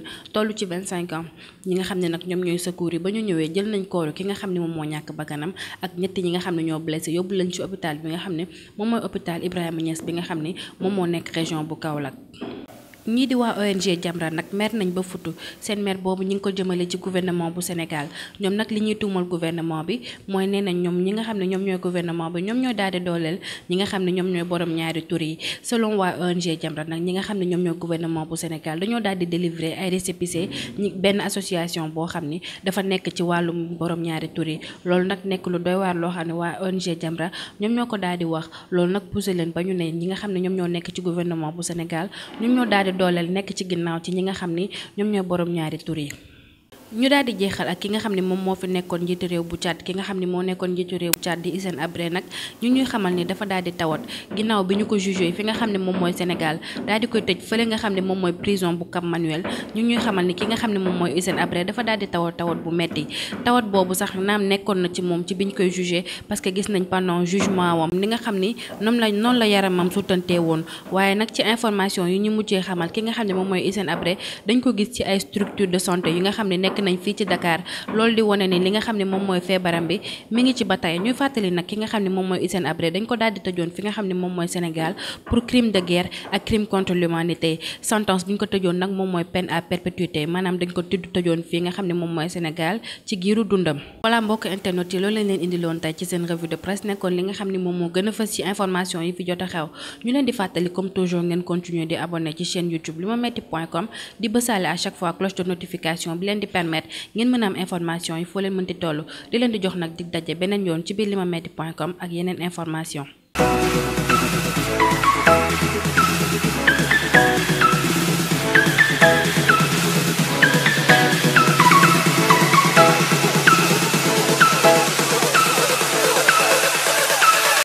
jigéen toll ci 25 ans ñi nga xam ne nag ñoom ñooy secours yi ba ñu ñëwee jël nañ kooru ki nga xam ne moom moo ñàkk bakkanam ak ñetti ñi nga xam ne ñoo blessé yóbbu lañ ci hôpital bi nga xam ne moom mooy hôpital Ibrahima Niass bi nga xam ni moom moo nekk région bu Kaolack ñii di waa ONG Jamra nag mer nañ ba futu seen mer boobu ñi ngi ko jëmale ci gouvernement bu Sénégal ñoom nag li ñuy tuumal gouvernement bi mooy nee nañ ñoom ñi nga xam ne ñoom ñooy gouvernement bi ñoom ñooy daal di dooleel nga xam ne ñoom ñooy borom ñaari tur yi selon waa ONG Jamra nag ñi nga xam ne ñoom ñooy gouvernement bu Sénégal dañoo daal di délivrer ay récépissé ñi benn association boo xam ni dafa nekk ci wàllum borom ñaari tur yi loolu nag nekk lu waar loo xam ne waa ONG Jamra ñoom ñoo ko daal di wax loolu nag poussé leen ba ñu ne ñi nga xam ne ñoom ñoo nekk ci gouvernement bu Sénégal ñoom ñoo daal daal dooleel nekk ci ginnaaw ci ñi nga xam ni ñoom ñoo borom ñaari tur yi. ñu daal di jeexal ak ki nga xam ne moom moo fi nekkoon njiitu réew bu Tchad ki nga xam ne moo nekkoon njiitu réew bu Tchad di Hissène Habré nag ñu ñuy xamal ni dafa daal tawat ginnaaw bi ñu ko jugé fi nga xam ne moom mooy Sénégal daal moom mooy prison bu Cap Manuel ñu ni ne moom mooy Hissène Habré dafa daal tawat tawat bu metti tawat boobu sax naam nekkoon na ci moom ci biñ koy jugé parce que gis nañ pendant jugement wam li nga xam ni noonu la noonu la yaramam sutantee woon waaye nag ci information yu ñu mujjee xamal moom mooy Hissène Habré dañ ko gis ci ne nekk nañ fii ci Dakar loolu di wane ni li nga xam ne moom mooy feebaram bi mi ngi ci bataille ñuy fàttali nag ki nga xam ne moom mooy Sénégal pour crime de guerre ak crime contre l'humanité nga xam ne moom mooy Sénégal ci giiru dundam voilà mbokk internet yi loolu leen indiloon tey ci seen revue de presse nekkoon li nga xam ne moom moo gën fës ci information yi fi jot a xew ñu leen di fàttali comme toujours ngeen continuer di abonné ci chaîne youtube limametti point com Limametti ngeen mën a yi foo leen mënti toll di leen di jox nag dig daje beneen yoon ci biir limametti point com ak yeneen information